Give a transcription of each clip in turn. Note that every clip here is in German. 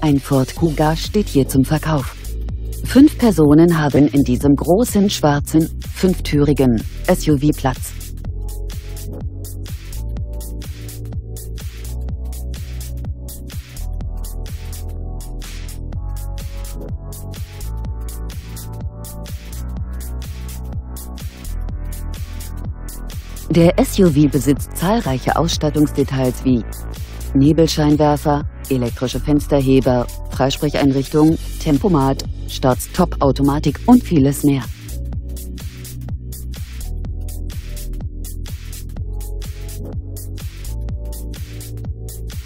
Ein Ford Kuga steht hier zum Verkauf. Fünf Personen haben in diesem großen schwarzen, fünftürigen SUV Platz. Der SUV besitzt zahlreiche Ausstattungsdetails wie Nebelscheinwerfer, elektrische Fensterheber, Freisprecheinrichtung, Tempomat, start top automatik und vieles mehr.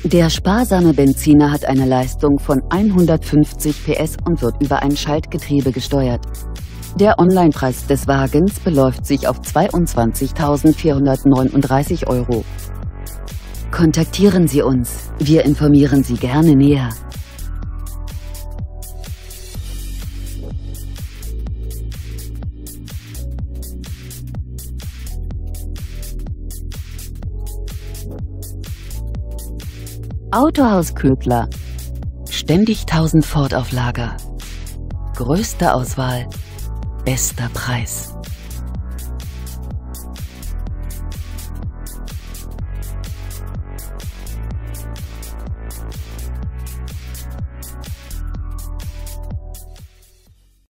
Der sparsame Benziner hat eine Leistung von 150 PS und wird über ein Schaltgetriebe gesteuert. Der Onlinepreis des Wagens beläuft sich auf 22.439 Euro. Kontaktieren Sie uns, wir informieren Sie gerne näher. Autohaus Ködler. Ständig 1000 Ford auf Lager. Größte Auswahl, Bester Preis.